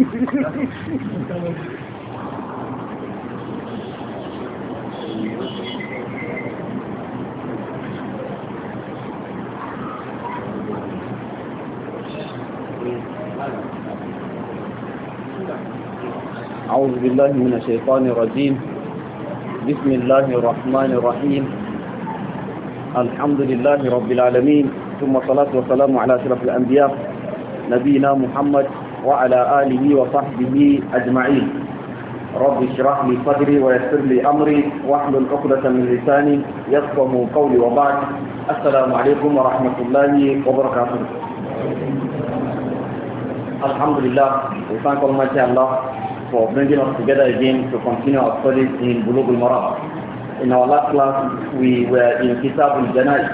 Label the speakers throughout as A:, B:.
A: أعوذ بالله من الشيطان الرجيم بسم الله الرحمن الرحيم الحمد لله رب العالمين ثم صلاة وسلام على أشرف الأنبياء نبينا محمد وعلى آله وصحبه أجمعين رب اشرح لي صدري ويسر لي أمري واحلل عقدة من لساني يفقه قولي وبعد السلام عليكم ورحمة الله وبركاته الحمد لله we thank Almighty Allah for bringing us together again to continue our studies in Bulugh al-Marah. In our last class, we were in Kitab al-Janaj,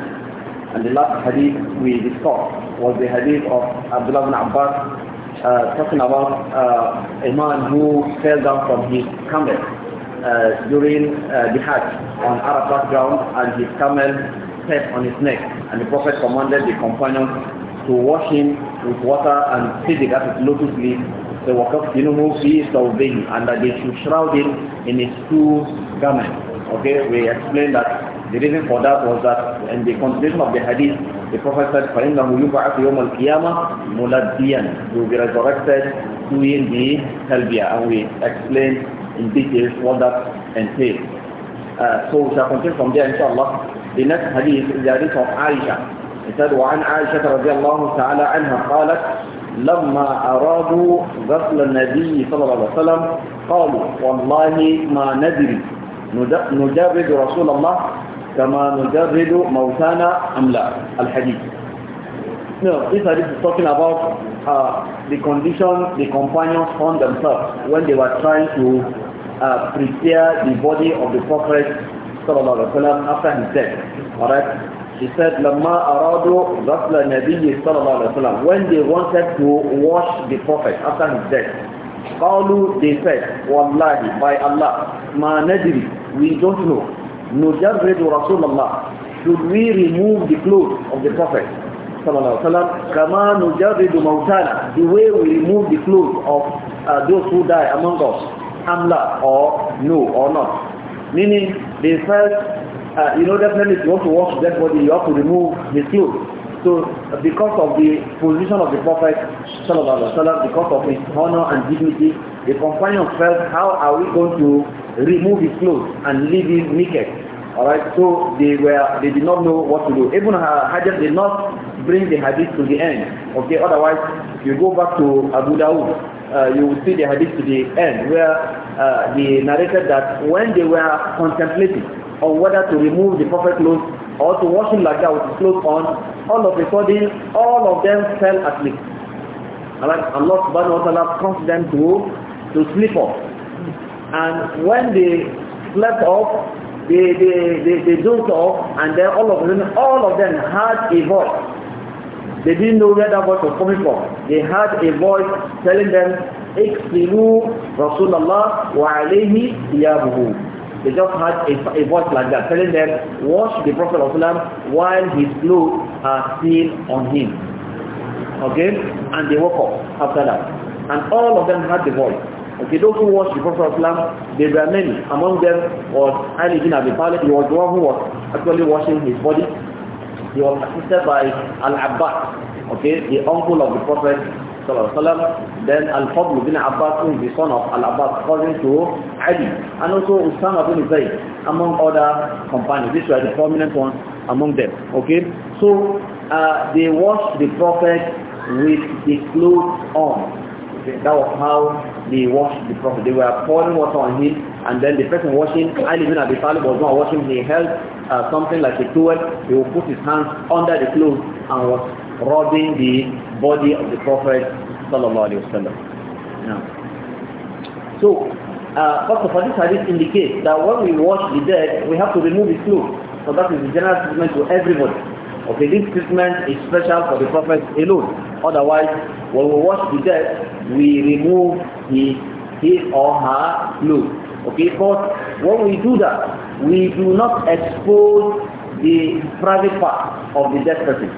A: and the last hadith we discussed was the hadith of Abdullah ibn Abbas uh, talking about uh, a man who fell down from his camel uh, during uh, the Hajj on Arafat ground and his camel stepped on his neck and the Prophet commanded the companions to wash him with water and feed it at his lotus leaf they were وَقَفْتِنُهُ فِي ثَوْبِهِ and that they should shroud him in his two garments. Okay, we explained that the reason for that was that in the continuation of the hadith The Prophet said, فَإِنَّهُ يُبْعَثُ يَوْمَ الْقِيَامَةِ مُلَدِّيًا He will be resurrected to doing the talbiyah. And we explain in detail what that entails. Uh, so we shall continue from there inshallah. The next hadith is the hadith of Aisha. He said, وعن عائشة رضي الله تعالى عنها قالت لما أرادوا غسل النبي صلى الله عليه وسلم قالوا والله ما ندري نجرد رسول الله كما نجرد موتانا أم لا الحديث No, this hadith is talking about uh, the condition the companions found themselves when they were trying to uh, prepare the body of the Prophet وسلم, after his death. Alright? He said, لَمَّا أَرَادُوا غَسْلَ النبي صَلَى اللَّهُ عَلَيْهِ وسلم, When they wanted to wash the Prophet after his death, قَالُوا They said, وَاللَّهِ By Allah, مَا ندري We don't know. نجرد رسول الله should we remove the clothes of the Prophet كما نجرد موتانا the way we remove the clothes of uh, those who die among us amla or no or not meaning they first uh, you know definitely if you want to wash that body you have to remove his clothes so because of the position of the Prophet because of his honor and dignity, the companion felt, how are we going to remove his clothes and leave him naked? Alright, so they were they did not know what to do. Even Hajar did not bring the hadith to the end. Okay, otherwise if you go back to Abu Dawud, uh, you will see the hadith to the end where uh, narrated that when they were contemplating on whether to remove the Prophet's clothes or to wash him like that with his clothes on, all of a sudden, all of them fell asleep. Alright, Allah subhanahu wa ta'ala caused them to, to sleep off. And when they slept off, they, they, they, they dozed off, and then all of them, all of them had a voice. They didn't know where that voice was coming from. They had a voice telling them, اقتلوا رسول الله وعليه ثيابه They just had a, a voice like that telling them, wash the Prophet of Islam while his clothes are still on him. Okay? And they woke up after that. And all of them had the voice. Okay, those who watched the Prophet of Islam, there were many. Among them was Ali bin Abi Talib. He was the one who was actually washing his body. He was assisted by Al-Abbas, okay, the uncle of the Prophet Then Al-Fadl bin Abbas who is the son of Al-Abbas according to Ali and also Usama bin Zayd among other companions. These were the prominent ones among them. Okay? So uh, they washed the Prophet with the clothes on. Okay, that was how they washed the Prophet. They were pouring water on him and then the person washing, Ali bin Abi Talib was not washing, he held uh, something like a towel, he would put his hands under the clothes and was rubbing the body of the Prophet sallallahu alaihi wasallam. So, uh, first of all, this hadith indicates that when we wash the dead, we have to remove his clothes. So that is the general treatment to everybody. Okay, this treatment is special for the Prophet alone. Otherwise, when we wash the dead, we remove his, his or her clothes. Okay, but when we do that, we do not expose the private part of the dead person.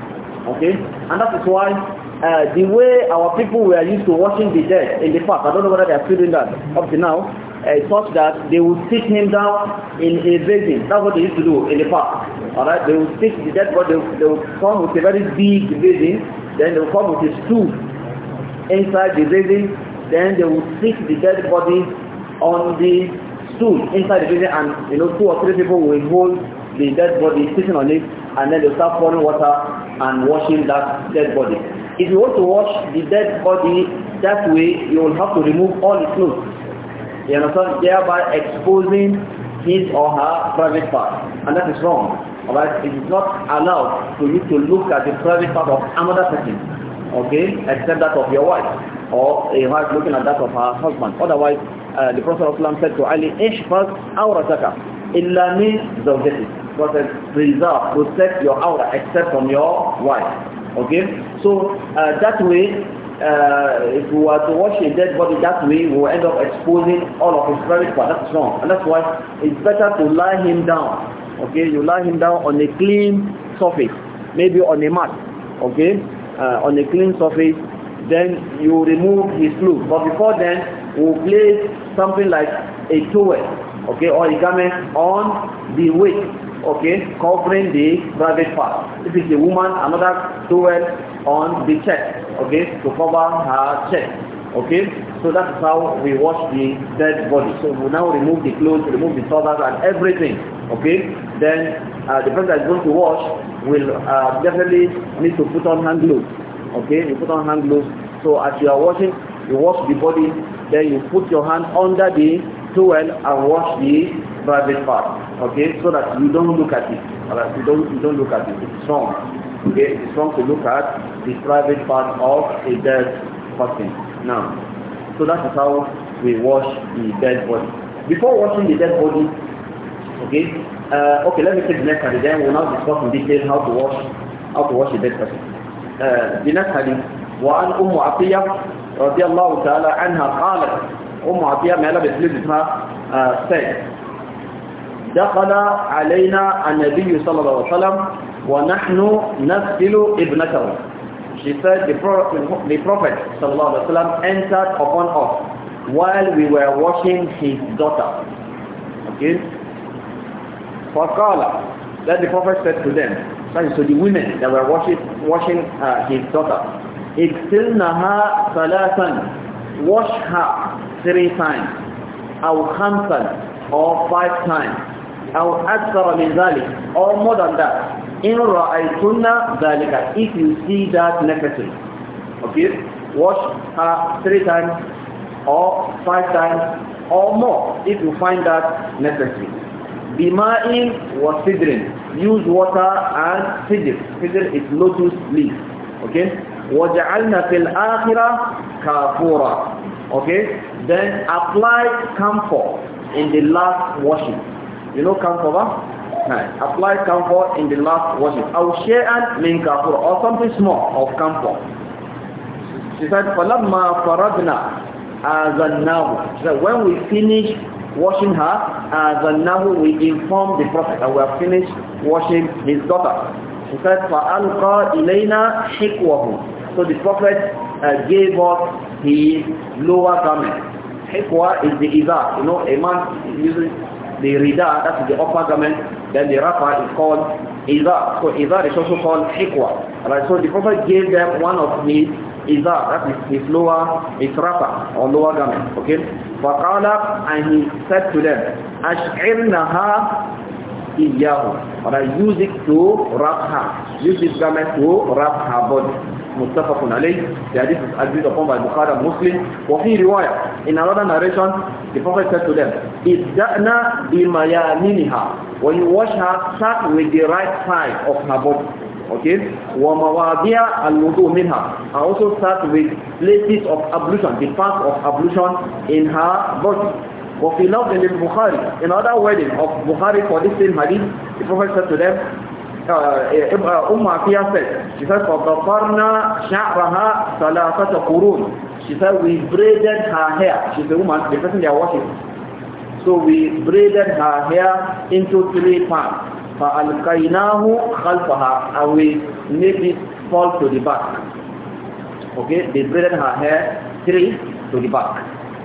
A: Okay, and that is why uh, the way our people were used to washing the dead in the past, I don't know whether they are still doing that up to now, uh, such that they would sit him down in a basin. That's what they used to do in the past. right, they would sit the dead body, they, they would come with a very big basin, then they would come with a stool inside the basin, then they would sit the dead body on the stool inside the basin and you know two or three people will hold the dead body sitting on it and then they start pouring water and washing that dead body. If you want to wash the dead body that way, you will have to remove all the clothes. You understand? Thereby exposing his or her private part. And that is wrong. Alright? It is not allowed for you to look at the private part of another person. Okay? Except that of your wife. Or a wife looking at that of her husband. Otherwise, uh, the Prophet said to Ali, Ishfaz awrataka illa min zawjatik. Prophet, preserve, protect your aura except from your wife. Okay? So uh, that way, uh, if we were to wash a dead body that way, we will end up exposing all of his private part. That's wrong. And that's why it's better to lie him down. Okay, you lie him down on a clean surface, maybe on a mat. Okay, uh, on a clean surface. Then you remove his clothes. But before then, we'll place something like a towel, okay, or a garment on the waist okay, covering the private part. If it's a woman, another towel on the chest, okay, to cover her chest, okay. So that's how we wash the dead body. So we now remove the clothes, remove the sawdust and everything, okay. Then uh, the person that is going to wash will uh, definitely need to put on hand gloves, okay. You put on hand gloves. So as you are washing, you wash the body, then you put your hand under the towel and wash the private part. Okay, so that you don't look at it. Alright, you don't you don't look at it. It's wrong. Okay, it's wrong to look at the private part of a dead person. Now, so that is how we wash the dead body. Before washing the dead body, okay, uh, okay, let me take the next hadith. Then we'll now discuss in detail how to wash how to wash the dead person. Uh, the next hadith. وعن أم عطية رضي الله تعالى عنها قالت أم عطية ما لبس uh, said دخل علينا النبي صلى الله عليه وسلم ونحن نسل ابنته she said the prophet, the prophet صلى الله عليه وسلم entered upon us while we were washing his daughter okay فقال that the prophet said to them so the women that were washing, washing uh, his daughter اغسلنها ثلاثا wash her three times, أَوْ khamsan, or five times, أو أكثر من ذلك or more than that إن رأيتن ذلك if you see that negative okay wash her three times or five times or more if you find that necessary بماء وسدر use water and sidr sidr is lotus leaf okay وجعلنا في الآخرة كافورا okay then apply camphor in the last washing you know camphor? Nice. Apply camphor in the last worship. share shay'an link kafur or something small of camphor. She said, فَلَمَّا فَرَدْنَا أَذَنَّهُ She said, when we finish washing her, أَذَنَّهُ we inform the Prophet that we have finished washing his daughter. She said, فَأَلْقَى إِلَيْنَا حِكْوَهُ So the Prophet uh, gave us his lower garment. Hikwa is the izar. You know, a man usually the rida, that's the upper garment, then the wrapper is called izar. So izar is also called hikwa. Alright, so the Prophet gave them one of his izar, that is his lower, his wrapper or lower garment. Okay? Faqala, and he said to them, Ash'irnaha iyahu. Alright, use it to wrap her. Use this garment to wrap her body. متفق عليه the is agreed upon by Bukhari and Muslim وفي رواية in another narration the Prophet said to them "Is إِدَّأْنَا بِمَيَامِنِهَا when you wash her start with the right side of her body okay ومواضيع الوضوء منها I also start with places of ablution the path of ablution in her body وفي لفظ للبخاري in other wording of Bukhari for this same hadith the Prophet said to them uh, Umm said, she said, فَضَفَرْنَا شَعْرَهَا ثَلَاثَةَ قُرُونَ She said, we braided her hair. She's a woman, the person they are watching. So we braided her hair into three parts. فَأَلْقَيْنَاهُ خَلْفَهَا And we made it fall to the back. Okay, they braided her hair three to the back.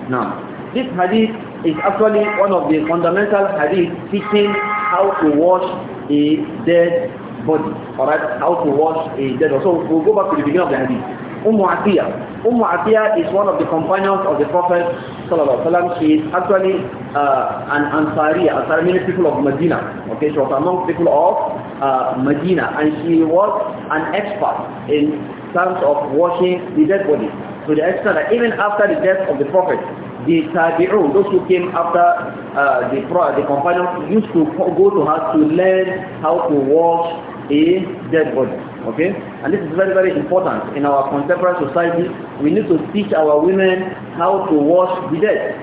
A: Now, this hadith is actually one of the fundamental hadith teaching how to wash a dead body. Alright, how to wash a dead body. So we'll go back to the beginning of the hadith. Ummu Atiyah. Ummu Atiyah is one of the companions of the Prophet Sallallahu She is actually uh, an Ansariya, Ansari meaning people of Medina. Okay, she was among people of uh, Medina and she was an expert in terms of washing the dead body. To the extent that even after the death of the Prophet the tabi'un, those who came after uh, the, the companion, used to go to her to learn how to wash a dead body. Okay? And this is very, very important. In our contemporary society, we need to teach our women how to wash the dead.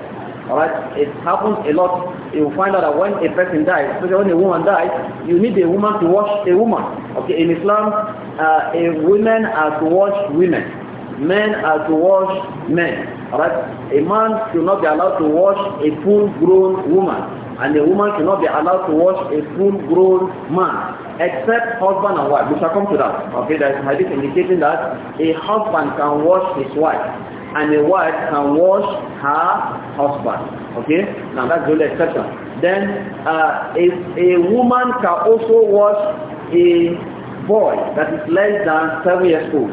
A: All right, It happens a lot. You find out that when a person dies, especially when a woman dies, you need a woman to wash a woman. Okay? In Islam, uh, a woman are to wash women. Men are to wash men. Right, A man should not be allowed to wash a full-grown woman. And a woman should not be allowed to wash a full-grown man. Except husband and wife. We shall come to that. Okay, there is hadith indicating that a husband can wash his wife. And a wife can wash her husband. Okay? Now that's the only exception. Then uh, a, a woman can also wash a boy that is less than seven years old.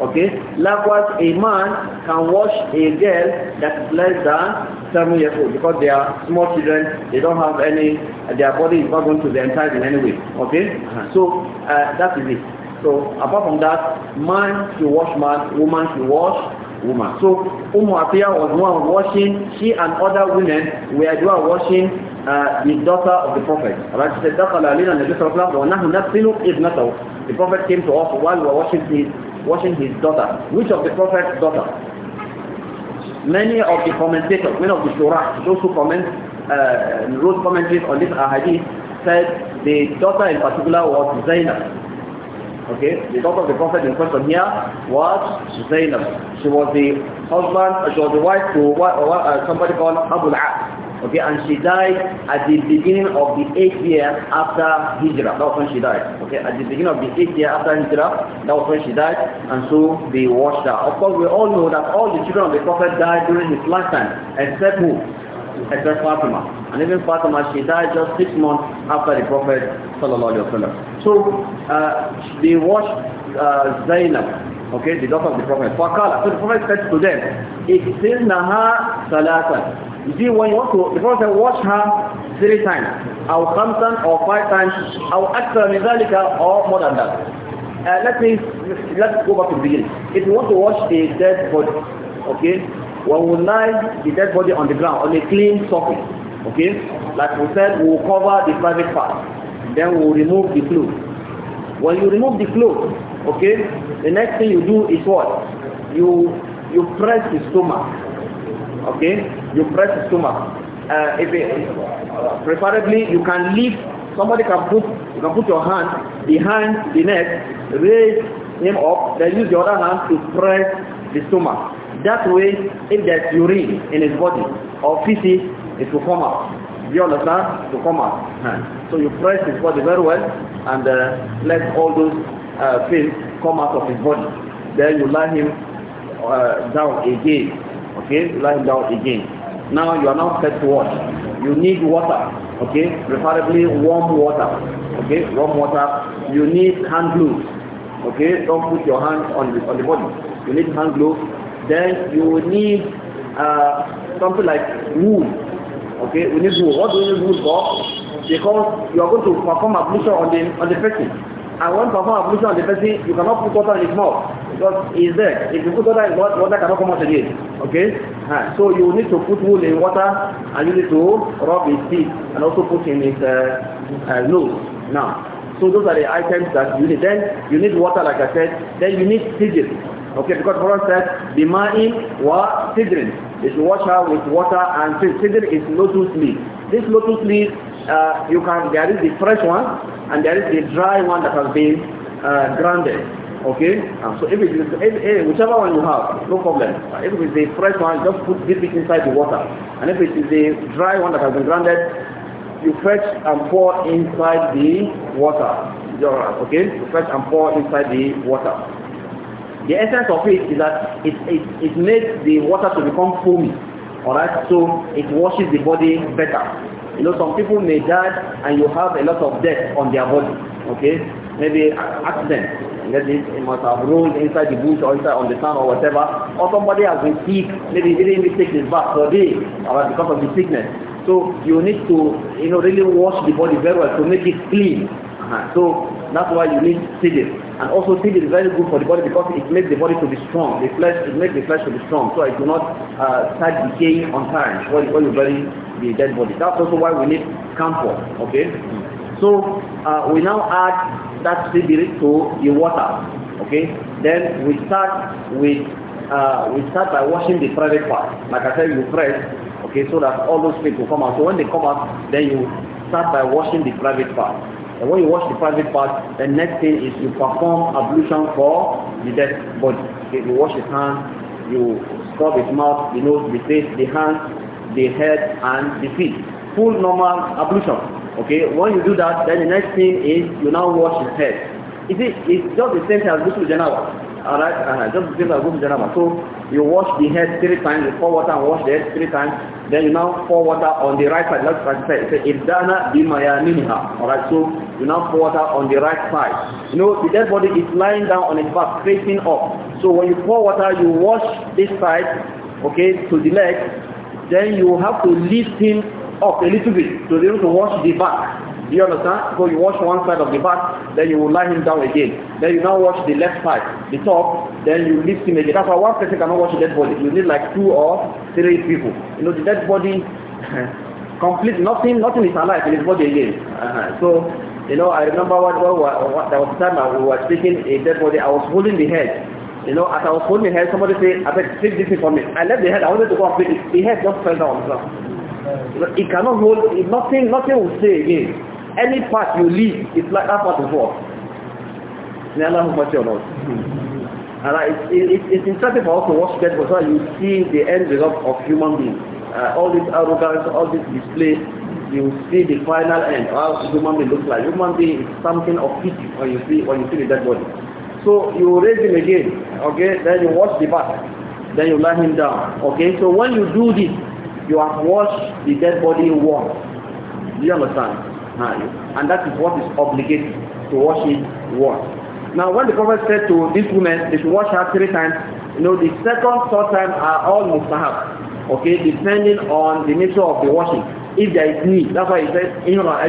A: Okay? Likewise, a man can wash a girl that is less than seven years old because they are small children. They don't have any, their body is not going to be enticed in any way. Okay? Uh -huh. So, uh, that is it. So, apart from that, man should wash man, woman should wash woman. So, Umm Atiyah was one washing, she and other women were doing washing uh, the daughter of the Prophet. Right? She said, دَخَلَ عَلِينَا النَّبِي صَلَى اللَّهُ عَلَيْهِ وَنَحْنُ نَبْسِلُ إِذْنَتَهُ The Prophet came to us while we were washing his, washing his daughter. Which of the Prophet's daughter? Many of the commentators, many of the surah, those who comment, uh, wrote commentaries on this hadith. said the daughter in particular was Zainab. Okay, the daughter of the Prophet in question here was Zainab. She was the husband, she was the wife to uh, somebody called Abu al Okay, and she died at the beginning of the eighth year after Hijrah. That was when she died. Okay, at the beginning of the eighth year after Hijrah, that was when she died, and so they washed her. Of course, we all know that all the children of the Prophet died during his lifetime, except who? Except Fatima. And even Fatima, she died just six months after the Prophet Sallallahu Alaihi Wasallam. So, uh, they washed uh, Zainab okay, the daughter of the Prophet. so the Prophet said to them, It is Naha ثلاثا. You see, when you want to, the Prophet wash her three times, or sometimes, or five times, or extra mizalika, or more than that. Uh, let me, let's go back to the beginning. If you want to wash a dead body, okay, one will lie the dead body on the ground, on a clean surface, okay? Like we said, we will cover the private part. Then we will remove the clothes. When you remove the clothes, okay, the next thing you do is what? You, you press the stomach okay you press stomach uh, if it, preferably you can lift somebody can put you can put your hand behind the neck raise him up then use your other hand to press the stomach that way if there's urine in his body or feces it will come out you understand to come out so you press his body very well and uh, let all those uh, filth come out of his body then you lie him uh, down again okay, lie down again. Now you are now set to wash. You need water, okay, preferably warm water, okay, warm water. You need hand gloves, okay, don't put your hand on the, on the body. You need hand gloves. Then you need uh, something like wool, okay, we need wool. What do we need wool for? Because you are going to perform ablution on the, on the person. And when perform ablution on the person, you cannot put water in his mouth. Because is there. If you put water in water, water cannot come out again. Okay? Uh, so you need to put wool in water and you need to rub his feet and also put in his uh, uh, nose. Now, so those are the items that you need. Then you need water, like I said. Then you need sigil. Okay, because Quran says, Bima'in wa sidrin. You should wash her with water and sigil. Sidr is lotus leaf. This lotus leaf, uh, you can, there is the fresh one and there is the dry one that has been uh, grounded. Okay? Um, so if it is if, if, whichever one you have, no problem. if it is a fresh one, just put dip it inside the water. And if it is a dry one that has been grounded, you fetch and pour inside the water. Okay? You fetch and pour inside the water. The essence of it is that it, it, it makes the water to become foamy. Alright? So it washes the body better. You know, some people may die and you have a lot of death on their body. Okay? Maybe accident get it, must have rolled inside the bush or inside on the sand or whatever. Or somebody has been sick, maybe he didn't take his bath for a day or uh, because of the sickness. So you need to, you know, really wash the body very well to make it clean. Uh -huh. So that's why you need seeded. And also seeded is very good for the body because it makes the body to be strong. The flesh, it makes the flesh to be strong. So it do not uh, start decaying on time when, when you bury the dead body. That's also why we need camphor. Okay. Mm -hmm. So uh, we now add that Sibir to the water. Okay? Then we start with uh, we start by washing the private part. Like I said, you press, okay, so that all those things will come out. So when they come out, then you start by washing the private part. And when you wash the private part, the next thing is you perform ablution for the dead body. Okay, you wash his hands, you scrub his mouth, the nose, the face, the hands, the head, and the feet. Full normal ablution. Okay, when you do that, then the next thing is you now wash your head. Is it? it's just the same thing as Ghusl Janaba. Alright, uh, just the same as Ghusl Janaba. So you wash the head three times, you pour water and wash the head three times, then you now pour water on the right side, left side, side. Say, Ibdana bimayaminiha. Alright, so you now pour water on the right side. You know, the dead body is lying down on its back, facing up. So when you pour water, you wash this side, okay, to the leg, then you have to lift him up a little bit So be able to wash the back. Do you understand? So you wash one side of the back, then you will lie him down again. Then you now wash the left side, the top, then you lift him again. That's why one person cannot wash a dead body. You need like two or three people. You know, the dead body, complete nothing, nothing is alive in his body again. Uh -huh. So, you know, I remember what, what, what, there was a time we were taking a dead body. I was holding the head. You know, as I was holding the head, somebody said, I said, take this thing from me. I left the head. I wanted to go and pick it. The head just fell down on the ground. It cannot hold, it, nothing, nothing will stay again. Any part you leave, it's like that part before. May Allah have mercy on us. Hmm. And it's, it's, it's instructive for us to watch that because you see the end result of human beings. Uh, all this arrogance, all this display, you see the final end, how human being looks like. Human being is something of pity when you see when you see the dead body. So you raise him again, okay, then you wash the back, then you lie him down. Okay, so when you do this, you have washed the dead body once. Do you understand? And that is what is obligated to wash it once. Now, when the Prophet said to this woman, they should wash her three times, you know, the second, third time are all mustahab. Okay, depending on the nature of the washing. If there is need, that's why he said, you know, if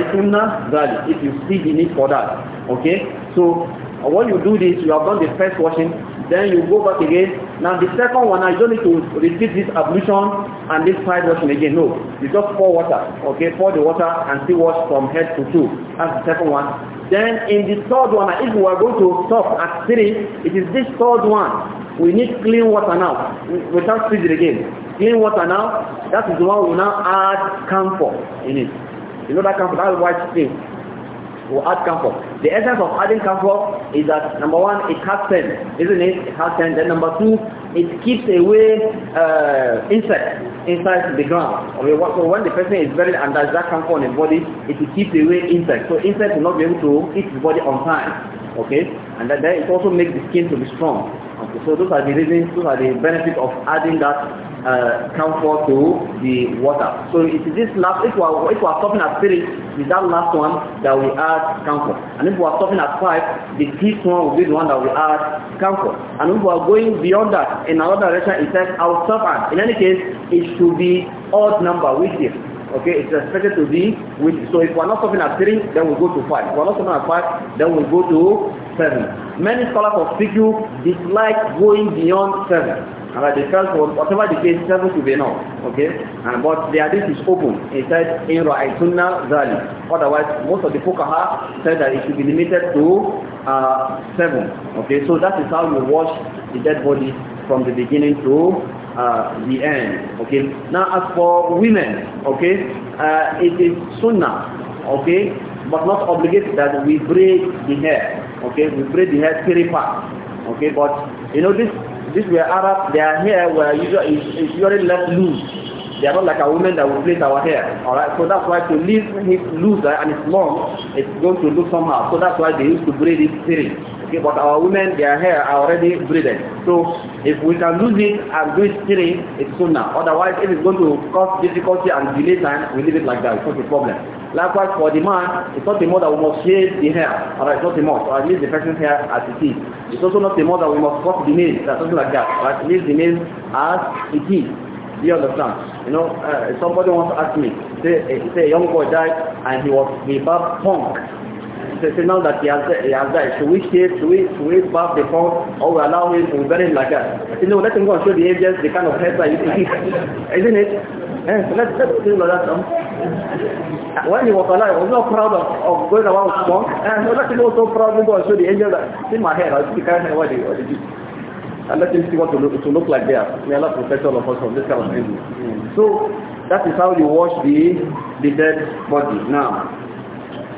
A: you see the need for that. Okay, so And when you do this, you have done the first washing, then you go back again. Now the second one, I don't need to repeat this ablution and this side washing again. No, you just pour water, okay? Pour the water and still wash from head to toe. That's the second one. Then in the third one, if we are going to stop at three, it is this third one. We need clean water now. We can't squeeze it again. Clean water now, that is the one we now add camphor in it. You know that camphor, that white thing. will add comfort. The essence of adding comfort is that number one, it has sense, isn't it? It has sense. Then number two, it keeps away uh, insects inside the ground. Okay, so when the person is buried under that comfort in the body, it will keep away insects. So insects will not be able to eat the body on time. Okay, and that, that it also makes the skin to be strong. So those are the reasons, those are the benefit of adding that uh, camphor to the water. So it is this last, if we are, if we are stopping at three, is that last one that we add camphor. And if we are stopping at five, the fifth one will be the one that we add camphor. And if we are going beyond that, in another direction, it says our servant. In any case, it should be odd number, with you. Okay, it's expected to be with, so if we're not stopping at three, then we we'll go to five. If we're not stopping at five, then we we'll go to seven. Many scholars of fiqh dislike going beyond 7. Alright, because whatever the case, seven should be enough. Okay? And but the hadith is open. It says in Ra'aytunna Zali. Otherwise, most of the fuqaha said that it should be limited to uh, seven. Okay, so that is how you wash the dead body from the beginning to Uh, the end. Okay. Now as for women, okay, uh, it is sunnah, okay, but not obligated that we braid the hair. Okay, we braid the hair three parts. Okay, but you know this this were Arab, their hair were usually is, usually left loose. They are not like a woman that will plait our hair. All right. so that's why to leave it loose uh, and it's long, it's going to look somehow. So that's why they used to braid it three. Okay, but our women, their hair are already braided. So if we can lose it and do it straight, it's sunnah. Otherwise, if it's going to cause difficulty and delay time, we leave it like that. It's not a problem. Likewise, for the man, it's not a more that we must shave the hair, or right, it's not a must, or at least the person's hair as it is. It's also not a more that we must cut the nails, or uh, something like that, or at least the nails as it is. Do you understand? You know, uh, somebody once asked me, say, eh, say a young boy died and he was a bad punk the signal that he has, he has died. Should we shave? Should we, should we bath the corn? Or we allow him to bury him like that? You know, let him go and show the angels the kind of hair that he is. Isn't it? Yeah, so let's, let's do like that. Um. When he was alive, I was not proud of, of going around with corn. And so let him go so proud to go and show the angels that, see my hair, I see the kind of hair, what they, what And let him see what to look, to look like there. May Allah protect all of us from this kind of thing. Mm. So, that is how you wash the, the dead body. Now,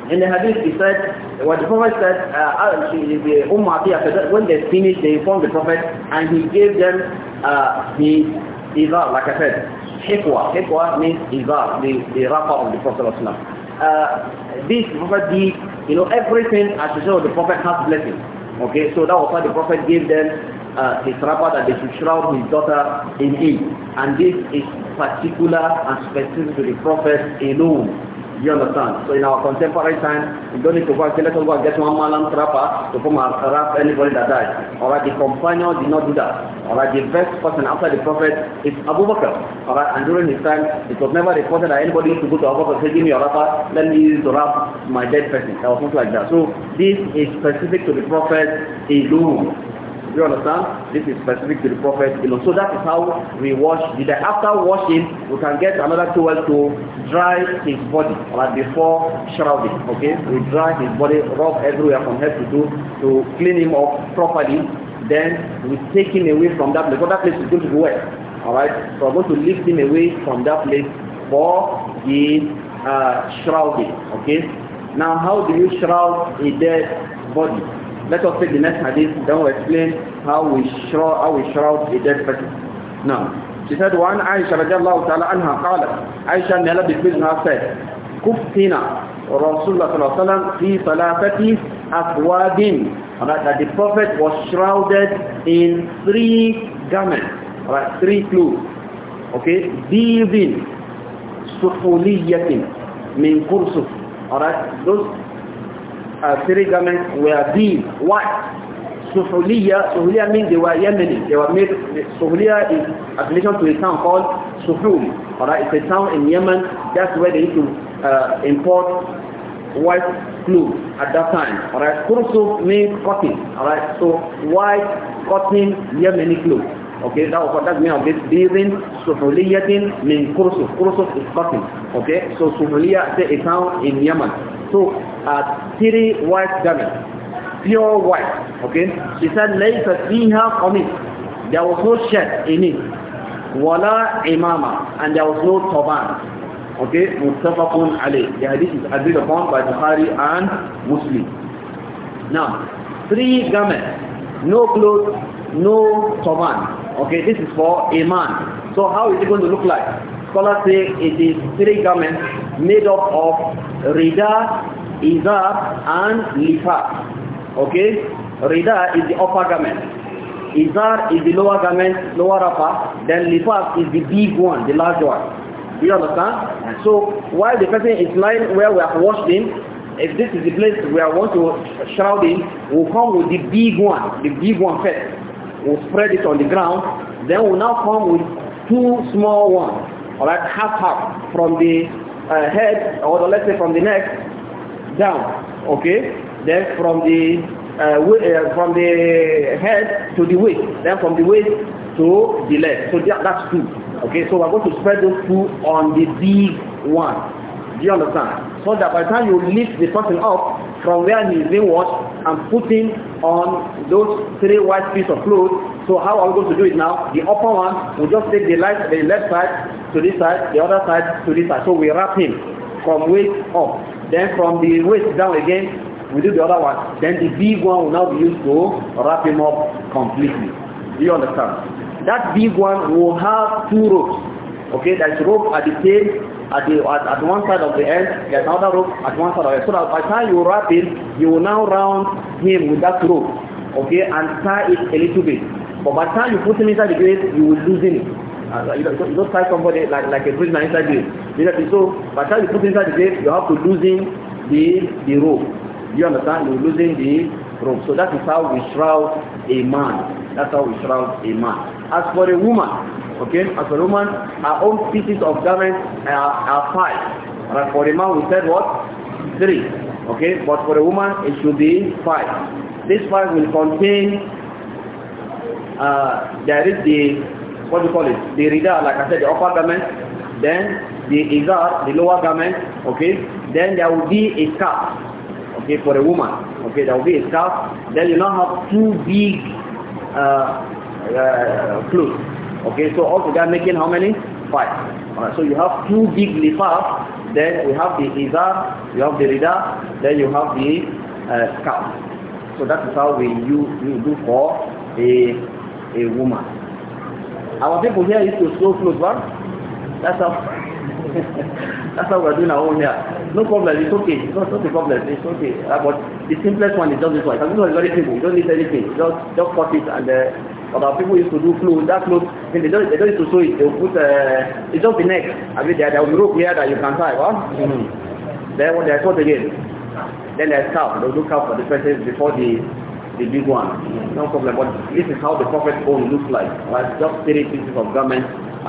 A: In the hadith, he said, what the Prophet said, uh, uh the Ummah that, when they finished, they informed the Prophet and he gave them uh, the Izar, like I said, Hikwa. Hikwa means Izar, the, the wrapper of the Prophet. Uh, this Prophet did, you know, everything as you said, the Prophet has blessing. Okay, so that was why the Prophet gave them uh, his wrapper that they should shroud his daughter in And this is particular and specific to the Prophet alone. You understand? So in our contemporary time, we don't need to go and say, let's go and get one malam trapper to come and trap anybody that died. Alright, the companion did not do that. Alright, the best person after the prophet is Abu Bakr. Alright, and during his time, it was never reported that anybody used to go to Abu Bakr and say, give me a wrapper, let me use to wrap my dead person. That was not like that. So this is specific to the prophet alone. You understand? This is specific to the prophet know, So that is how we wash the After washing, we can get another towel to dry his body, like before shrouding. Okay? We dry his body, rub everywhere from head to toe to clean him up properly. Then we take him away from that place. that place is going to be wet. Alright? So we're going to lift him away from that place for the uh, shrouding. Okay? Now how do you shroud a dead body? Let us take the next hadith, then we'll explain how we shroud, how we shroud a dead person. Now, she said, one Aisha radiallahu ta'ala anha qalat, Aisha may Allah be said, Kuftina Rasulullah sallallahu alayhi wa sallam fi salafati aswadin. Right, that the Prophet was shrouded in three garments, right, three clothes. Okay, divin, in min kursuf. Alright, those uh, three garments were these. what Suhuliya. Suhuliya means they were Yemeni. They were made, Suhuliya is a relation to a town called Suhul. Alright, it's a town in Yemen. That's where they used to uh, import white clothes at that time. Alright, Kursuf means cotton. Alright, so white cotton Yemeni clothes. Okay, that was what that means of this bathing Suhuliyatin means Kursuf. Kursuf is cotton. Okay, so Suhuliya is a town in Yemen. So, uh, three white garments, pure white. Okay? She said, لَيْسَ فِيهَا قَمِيص There was no shirt in it. وَلَا imama, And there was no turban. Okay, muttafaqun alayh. The hadith is agreed upon by Bukhari and Muslim. Now, three garments, no clothes, no turban. Okay, this is for a man. So how is it going to look like? Scholars say it is three garments made up of rida, izar, and lifa. Okay? Rida is the upper garment. Izar is the lower garment, lower upper. Then lifa is the big one, the large one. You understand? So while the person is lying where we have washed him, if this is the place we are want to shroud him, we'll come with the big one, the big one first. We'll spread it on the ground. Then we'll now come with two small ones. alright, half half from the uh, head or the, let's say from the neck down, okay? Then from the uh, uh, from the head to the waist, then from the waist to the leg. So that, that's two. Okay, so we're going to spread those two on the big one. Do you understand? so that by the time you lift the person up from where he is being washed and put him on those three white pieces of clothes, so how are we going to do it now? The upper one, we just take the, light, the left side to this side, the other side to this side. So we wrap him from waist up. Then from the waist down again, we do the other one. Then the big one will now be used to wrap him up completely. Do you understand? That big one will have two ropes. Okay, that's rope at the tail at, the, at, at one side of the end, there's another rope at one side of the it. So that by the time you wrap it, you will now round him with that rope, okay, and tie it a little bit. But by the time you put him inside the grave, you will lose him. Uh, you, don't, you don't tie somebody like, like a prisoner inside the grave. So by the time you put him inside the grave, you have to lose him the, the rope. You understand? You're losing the rope. So that is how we shroud a man. That's how we shroud a man. As for a woman, Okay, as a woman, our own pieces of garment are, uh, are five. Right? For a man, we said what? Three. Okay, but for a woman, it should be five. This five will contain, uh, there is the, what do you call it? The rida, like I said, the upper garment. Then the izar, the lower garment. Okay, then there will be a scarf. Okay, for a woman. Okay, there will be a scarf. Then you now have two big uh, uh, clothes. Okay, so altogether making how many? Five. Alright, so you have two big lifaf, then we have the izar, you have the rida, then you have the uh, So that is how we you, you do for a, a woman. Our people here is used to sew clothes, right? That's how that's how we're doing our own here. No problem, it's okay. It's not, not a problem, it's okay. Uh, but the simplest one is just this one. This one is very simple, you don't need anything. Just just cut it and uh, but our people used to do clothes. That clothes, they don't, they don't used to sew it. They'll put, uh, it's just the neck. I mean, there, there will be rope here that you can tie, huh? Mm -hmm. Then when they're caught again, then there's calf. They'll do calf for the person before the the big one. Mm-hmm. No problem. But this is how the prophet's own looks like. Right? Just three pieces of garment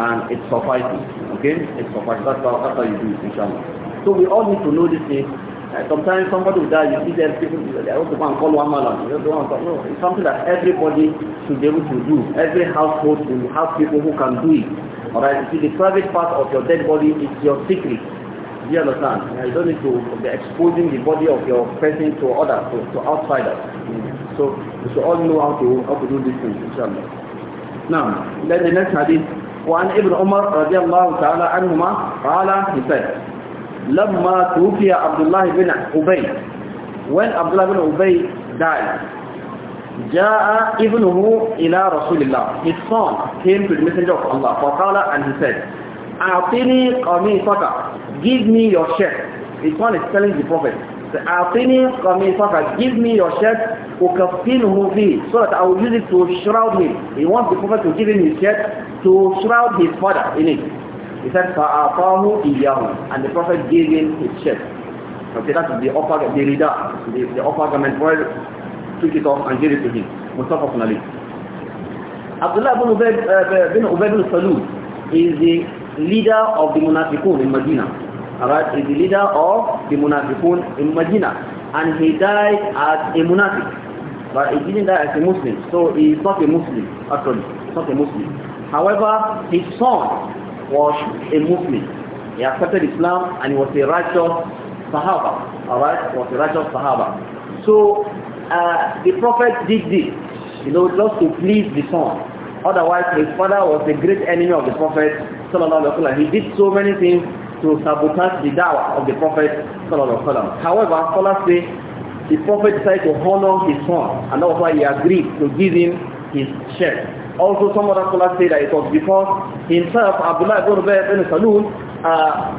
A: and it's suffices. Okay? it's suffices. That's how, that's how you do it, inshallah. So we all need to know this thing Eh, sometimes somebody will die, you see them people, they want to go and call one man. You don't want to, no, it's something that everybody should be able to do. Every household will have people who can do it. Alright, you see the private part of your dead body is your secret. Do you understand? You don't need to be exposing the body of your person to others, to, to outsiders. So we should all know how to, how to do this things, inshallah. Now, let the next hadith. وعن ابن عمر رضي الله تعالى عنهما قال he said لما توفي عبد الله بن أبي when Abdullah bin Ubay died جاء ابنه إلى رسول الله his son came to the messenger of Allah فقال and he said أعطني قميصك give me your shirt his son is telling the prophet أعطني قميصك give me your shirt أكفنه فيه so that I will use it to shroud him he wants the prophet to give him his shirt to shroud his father in it he said, فَأَعْطَاهُ إِيَّهُ And the Prophet gave him his shirt. Okay, that's the upper, the leader, the, the upper government Well, took it off and gave it to him. Mustafa Ali. Abdullah bin Ubaid, uh, uh, bin Ubaid bin Salud is the leader of the Munafiqun in Medina. Alright, is the leader of the Munafiqun in Medina. And he died as a Munafiq. But he didn't die as a Muslim. So he's not a Muslim, actually. He's not a Muslim. However, his son was a Muslim. He accepted Islam and he was a righteous Sahaba. Alright? was a righteous Sahaba. So uh, the Prophet did this, you know, just to please the son. Otherwise, his father was a great enemy of the Prophet. He did so many things to sabotage the dawah of the Prophet. However, scholars say the Prophet decided to honor his son, and that's why he agreed to give him his share. Also, some other scholars say that it was because himself, Abdullah ibn Ubayy ibn Salul, uh,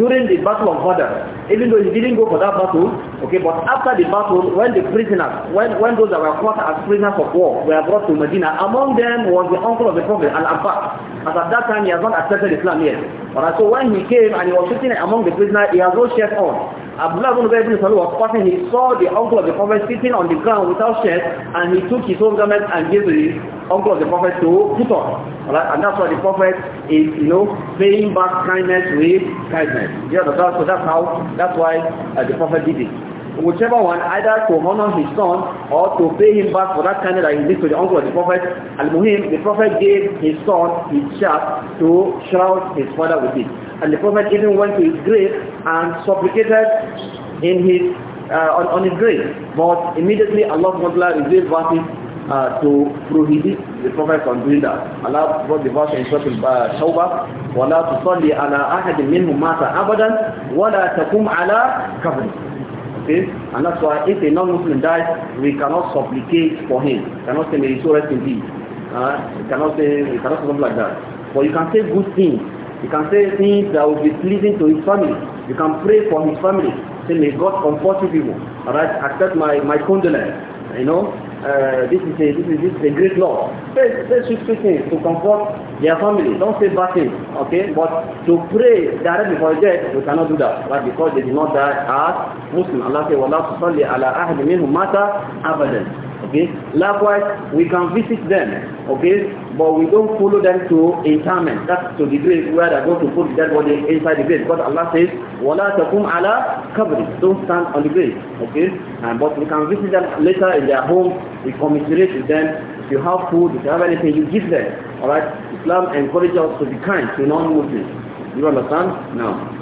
A: during the Battle of Badr, even though he didn't go for that battle, okay, but after the battle, when the prisoners, when, when those that were caught as prisoners of war were brought to Medina, among them was the uncle of the Prophet, Al-Abbas. As at that time, he has not accepted Islam yet. Alright, so when he came and he was sitting among the prisoners, he has no shirt on. Abdullah ibn Ubay ibn Salul was passing, he saw the uncle of the prophet sitting on the ground without shirt, and he took his own garment and gave the uncle of the prophet to put on. Right? And that's why the prophet is, you know, paying back kindness with kindness. You understand? So that's how, that's why uh, the prophet did it whichever one, either to honor his son or to pay him back for that kindness that he did to the uncle of the prophet. Al-Muhim, the prophet gave his son his shaft to shroud his father with it. And the Prophet even went to his grave and supplicated in his, uh, on, on his grave. But immediately Allah SWT revealed verses uh, to prohibit the Prophet from doing that. Allah brought the verse in Surah Tawbah, وَلَا تُصَلِّ عَلَىٰ أَحَدٍ مِّنْهُمْ مَاتَ أَبَدًا وَلَا تَقُمْ عَلَىٰ كَبْرٍ Okay? And that's why if a non-Muslim dies, we cannot supplicate for him. We cannot say, may you so rest in peace. Uh, we cannot say, we cannot say something like that. But you can say good things You can say things that will be pleasing to his family. You can pray for his family. Say, may God comfort you people. All right, accept my, my condolence. You know, uh, this, is a, this, is, this is a great law. Say, say sweet things to comfort their family. Don't say bad things, okay? But to pray directly for death, we cannot do that, right? Because they did not die as Muslim. Allah says, وَلَا تُصَلِّ عَلَىٰ أَحْدٍ مِنْهُمْ مَاتَ أَبَدًا Okay? Likewise, we can visit them, okay? But we don't follow them to interment. That's to the grave where they go to put the dead body inside the grave. Because Allah says, وَلَا takum عَلَىٰ كَبْرِ Don't stand on the grave, okay? And, but we can visit them later in their home. We commiserate with them. If you have food, if you have anything, you give them, All right, Islam encourages us to be kind to non-Muslims. You understand? Now.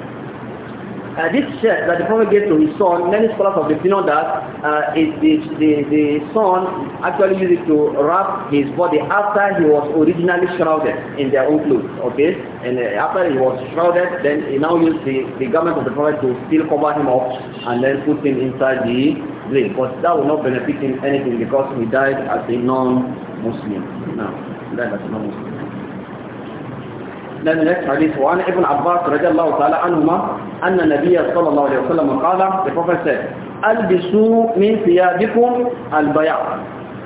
A: Uh, this shirt that the Prophet gave to his son, many scholars of the opinion that uh, is the, the, the son actually used it to wrap his body after he was originally shrouded in their own clothes, okay? And uh, after he was shrouded, then he now used the, the garment of the Prophet to still cover him up and then put him inside the grave. But that will not benefit him anything because he died as a non-Muslim. No, he died as a non-Muslim. لم ينك حديثه وعن ابن عباس رضي الله تعالى عنهما أن النبي صلى الله عليه وسلم قال the prophet said ألبسوا من ثيابكم البياض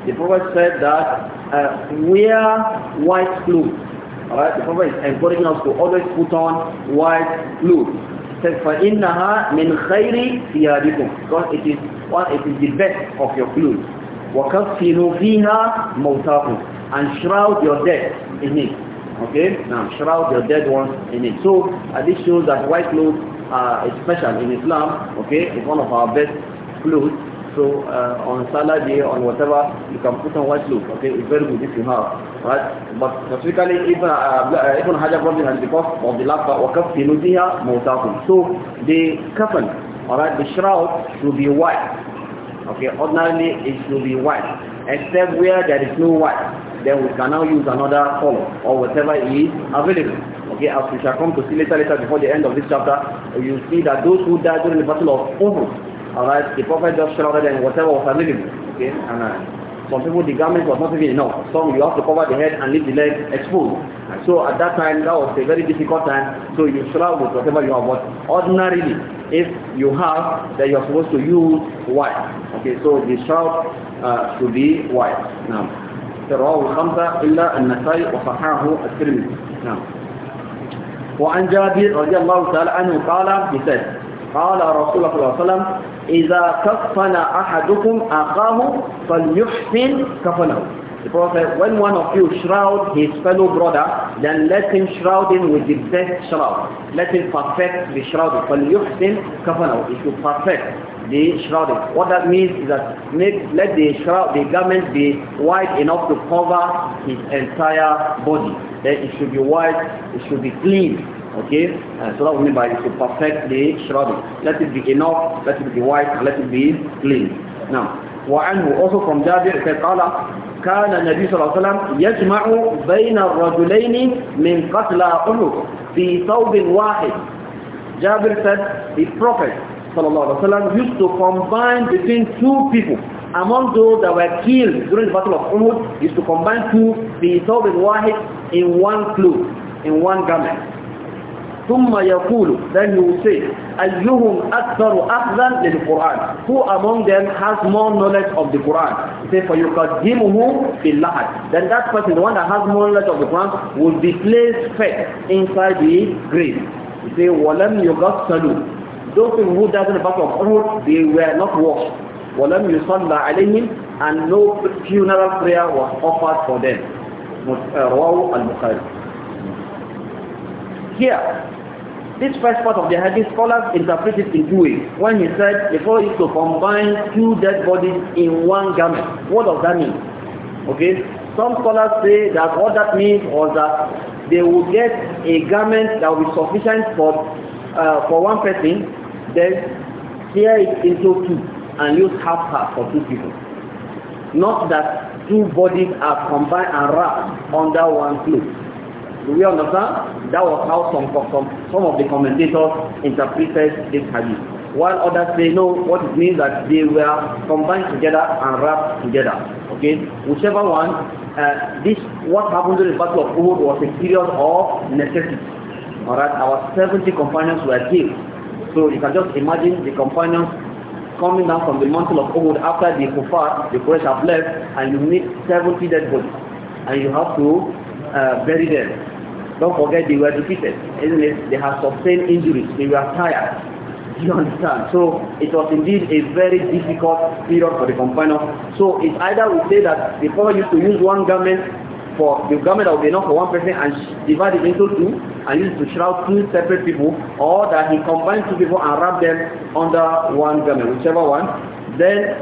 A: the prophet said that uh, wear white clothes Alright, the Prophet is encouraging us to always put on white clothes. said, فَإِنَّهَا مِنْ خَيْرِ ثِيَابِكُمْ Because it is, well, it is the best of your clothes. وَكَفِّنُوا فِيهَا مَوْتَاكُمْ And shroud your death in it. Okay? Now, shroud your dead ones in it. So, uh, this shows that white clothes uh, special in Islam. Okay? It's one of our best clothes. So, uh, on Salah day, on whatever, you can put on white clothes. Okay? It's very good if you have. Right? But specifically, even, uh, uh even Hajar brought because of the lack of وَكَفْتِنُزِهَا So, the coffin, alright, the shroud should be white. Okay? Ordinarily, it should be white. Except where there is no white then we can now use another color or whatever is available. Okay, as we shall come to see later, later before the end of this chapter, you see that those who died during the battle of Uhud, alright, the Prophet just shrouded them whatever was available. Okay, and uh, some people the garment was not even enough. Some you have to cover the head and leave the leg exposed. so at that time that was a very difficult time. So you shroud with whatever you have. But ordinarily, if you have, then you are supposed to use white. Okay, so the shroud uh, should be white. Now. في الرواوي الخمسة إلا النسائي وصححه الترمذي نعم وعن جابر رضي الله تعالى عنه قال مثال قال رسول الله صلى الله عليه وسلم إذا كفن أحدكم أخاه فليحسن كفنه The Prophet, when one of you shroud his fellow brother, then let him shroud him with the best shroud. Let him perfect the shrouding. فَلْيُحْسِنْ كَفَنَهُ It should perfect the shrouding. What that means is that make, let the shroud, the garment be wide enough to cover his entire body. Then it should be wide, it should be clean. Okay? Uh, so that we mean by it should perfect the shrouding. Let it be enough, let it be wide, let it be clean. Now, وعنه also from Jabir قال كان النبي صلى الله عليه وسلم يجمع بين الرجلين من قتلى أنوف في ثوب واحد Jabir said the Prophet صلى الله عليه وسلم used to combine between two people among those that were killed during the battle of Uhud used to combine two في ثوب واحد in one cloth in one garment ثم يقول then he will say أيهم أكثر أخذا للقرآن who among them has more knowledge of the Quran he say فيقدمه the اللحد then that person the one that has more knowledge of the Quran will be placed first inside the grave he say ولم يغسلوا those people who died in the battle of Uhud they were not washed ولم يصلى عليهم and no funeral prayer was offered for them رواه البخاري uh, here This first part of the hadith scholars interpret it in two ways. When he said, before is to combine two dead bodies in one garment. What does that mean? Okay? Some scholars say that what that means was that they will get a garment that will be sufficient for, uh, for one person, then tear it into two and use half half for two people. Not that two bodies are combined and wrapped under one cloth. Do we understand? That was how some, some, some of the commentators interpreted this hadith. While others say, no, what it means that they were combined together and wrapped together. Okay? Whichever one, uh, this, what happened during the Battle of Uhud was a period of necessity. Alright, our 70 companions were killed. So you can just imagine the companions coming down from the mountain of Uhud after the Kufar, the Quraysh have left, and you meet 70 dead bodies, and you have to uh, bury them. Don't forget they were defeated, isn't it? They have sustained injuries. They were tired. Do you understand? So it was indeed a very difficult period for the companion. So it either we say that the prophet used to use one garment for the garment that would be enough for one person and divide it into two and use to shroud two separate people or that he combined two people and wrap them under one garment, whichever one. Then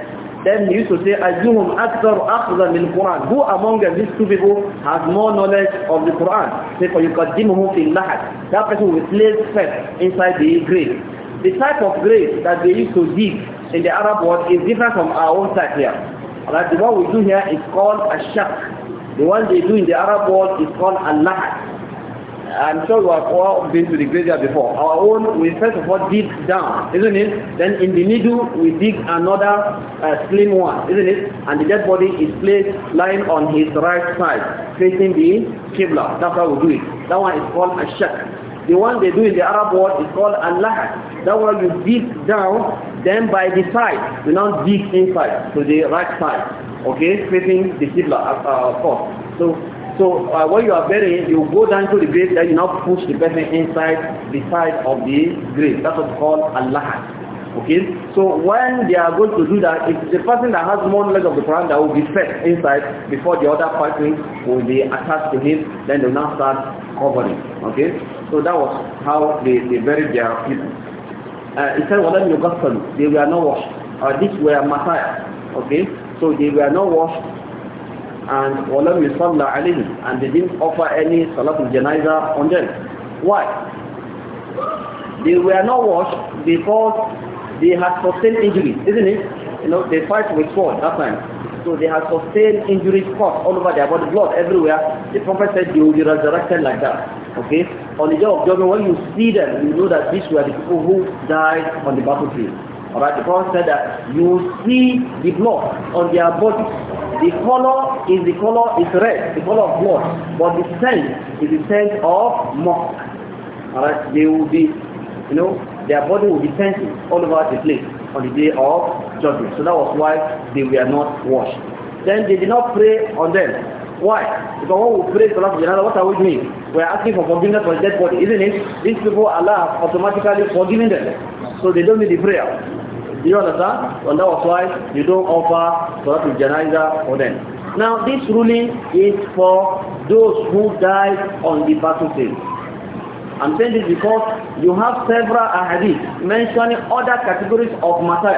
A: Then he used to say, Ajuhum akthar akhza min Quran. Who among these two people has more knowledge of the Quran? Therefore, you got qaddimuhu fil lahad. That person will place first inside the grave. The type of grave that they used to dig in the Arab world is different from our own type here. Like the one we do here is called a shak. The one they do in the Arab world is called a lahad. I'm sure you have all been to the graveyard before. Our own, we first of all dig down, isn't it? Then in the middle, we dig another uh, slim one, isn't it? And the dead body is placed lying on his right side, facing the Qibla. That's how we do it. That one is called a shak. The one they do in the Arab world is called Allah. That one you dig down, then by the side, you now dig inside to the right side. Okay, facing the Qibla, uh, of uh, course. So So uh, when you are burying, you go down to the grave, then you now push the person inside the side of the grave. That's what's called Allah. Okay? So when they are going to do that, if the person that has one leg of the Quran that will be fed inside before the other person will be attached to him, then they will now start covering. Okay? So that was how they, they buried their people. Uh, it said, وَلَمْ يُغَسَّلُ They were not washed. Uh, these were Messiah. Okay? So they were not washed and وَلَمْ يُصَلَّ عَلَيْهِمْ And they didn't offer any Salatul janaza on them. Why? They were not washed because they had sustained injuries, isn't it? You know, they fight with sword that time. So they had sustained injuries caused all over their body, blood everywhere. The Prophet said they will be resurrected like that. Okay? On the day of judgment, when you see them, you know that these were the people who died on the battlefield. All right, the Prophet said that you see the blood on their body. The color is the color is red, the color of blood, but the scent is the scent of All right, they will be, you know, their body will be scented all over the place on the day of judgment. So that was why they were not washed. Then they did not pray on them. Why? Because one will pray Salah for Janada, what are we doing? We are asking for forgiveness for the dead body, isn't it? These people, Allah has automatically forgiven them. So they don't need the prayer. Do you understand? Well, that was why you don't offer Salah to Janada for them. Now, this ruling is for those who died on the battlefield. I'm saying this because you have several ahadith mentioning other categories of matter.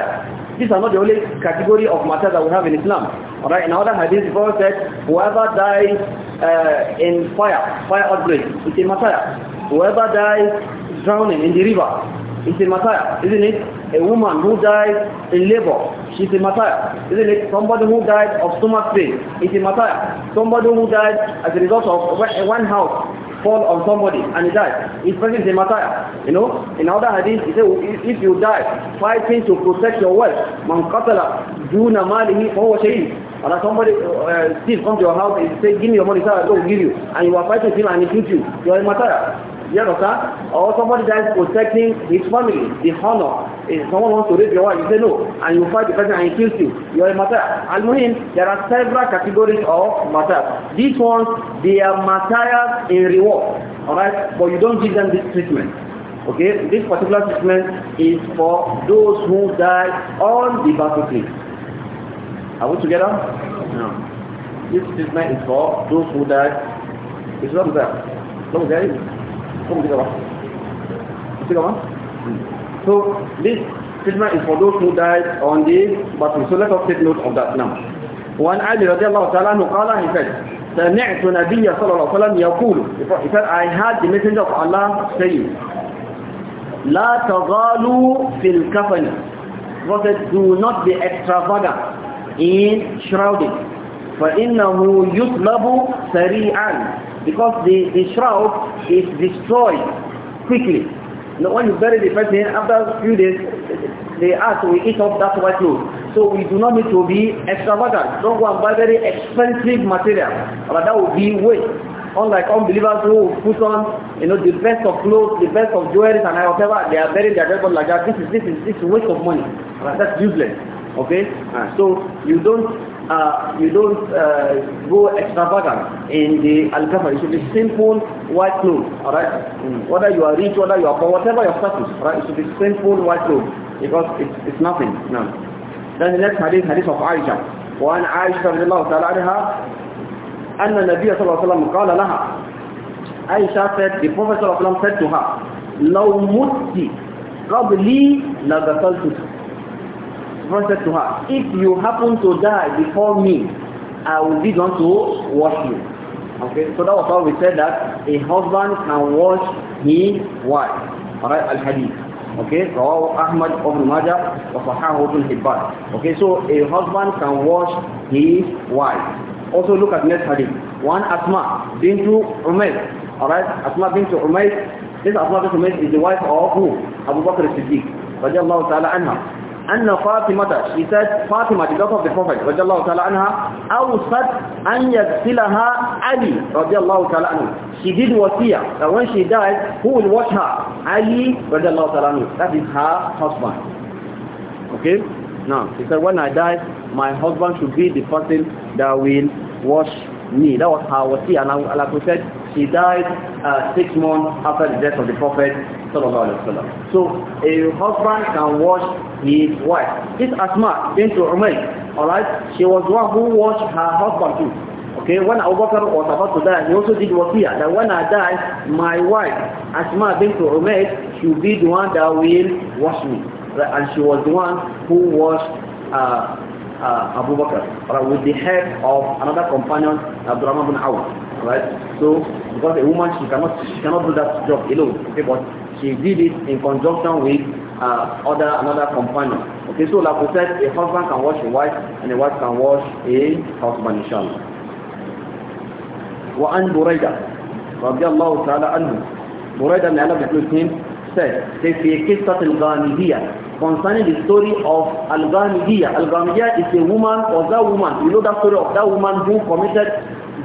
A: These are not the only category of matter that we have in Islam. Alright, in hadith verse said, whoever dies uh, in fire, fire outbreak, it's a mataya. Whoever dies drowning in the river, it's a mataya, isn't it? A woman who dies in labor, she's a mataya, isn't it? Somebody who died of stomach pain, it's a mataya. Somebody who died as a result of one house fall on somebody and he died. it's person a mataya. You know, in other hadith, he said, if you die fighting to protect your wealth, man qatala duna malihi fahuwa Or somebody uh, uh thief come to your house and say, give me your money, sir, I will give you. And you are fighting him and he shoots you. You are a martyr. You understand? Or somebody that is protecting his family, the honor. If someone wants to rape your wife, you say no. And you fight the person and he kills you. You are a martyr. Al-Muhim, there are several categories of martyrs. These ones, they are martyrs in reward. All right, But you don't give them this treatment. Okay, this particular treatment is for those who die on the battlefield. Are we together? No. This statement is for those who died. It's not there. No, there it. Come together. Together. So this statement is for those who died on the battle. So let us take note of that now. وعن علي رضي الله تعالى عنه قال he said سمعت نبي صلى الله عليه وسلم يقول he said I had the messenger of Allah saying لا تغالوا في الكفن he said do not be extravagant in shrouding. فَإِنَّهُ يُطْلَبُ سَرِيعًا Because the, the shroud is destroyed quickly. And when you bury the person, after a few days, the earth will eat up that white clothes. So we do not need to be extravagant. Don't go and buy very expensive material. But that would be waste. Unlike unbelievers who put on, you know, the best of clothes, the best of jewelry and whatever, they are burying their dead like that. This is this is this is waste of money. That's useless. Okay? Uh, so you don't uh, you don't uh, go extravagant in the al-kafan. It should be simple white clothes, alright? Mm. Whether you are rich, whether you are poor, whatever your status, right? It should be simple white clothes because it's, it's nothing. No. Then the next hadith, hadith of Aisha. وعن عائشة رضي الله تعالى عنها أن النبي صلى الله عليه وسلم قال لها Aisha said, the Prophet صلى الله عليه وسلم said to her, لو مت قبلي لغسلت confronted to her, if you happen to die before me, I will be done to wash you. Okay, so that was how we said that a husband can wash his wife. Alright, al-hadith. Okay, Rawahu Ahmad ibn Majah wa Sahahu ibn Hibban. Okay, so a husband can wash his wife. Also look at next hadith. One Asma bint Umayr. Alright, Asma bint Umayr. This Asma bint Umayr is the wife of who? Abu Bakr as-Siddiq. Radiallahu ta'ala anha. أن فاطمة she said Fatima the daughter رضي الله تعالى عنها أوصت أن يغسلها علي رضي الله تعالى عنه she did wasiya that when she dies who will wash her Ali رضي الله تعالى عنه that is her husband okay now she said when I die my husband should be the person that will wash me that was her wasiya and like we said she died uh, six months after the death of the Prophet So a husband can wash his wife. This Asma bint Umayr, alright, she was one who washed her husband too. Okay, when Abu Bakr was about to die, he also did here. that when I die, my wife, Asma bint she will be the one that will wash me. And she was the one who washed uh, uh, Abu Bakr right, with the help of another companion, Abdurrahman bin Awf. Right? So, because a woman, she cannot, she cannot do that job alone. Okay, but He did it in conjunction with uh, other another companion. Okay, so like we said, a husband can wash a wife, and a wife can wash a husband, inshallah. Wa an buraida. رضي الله تعالى عنه بريدة من علم الحسين said they في Al الغامدية concerning the story of Al-Ghamidiyya. Al-Ghamidiyya is a woman or that woman. You know that story of that woman who committed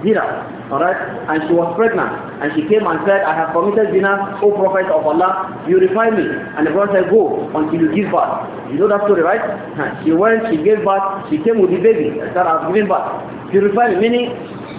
A: zina. Alright? And she was pregnant. And she came and said, I have committed zina, O Prophet of Allah, purify me. And the Prophet said, go until you give birth. You know that story, right? She went, she gave birth, she came with the baby and said, I've given birth. Purify me, meaning,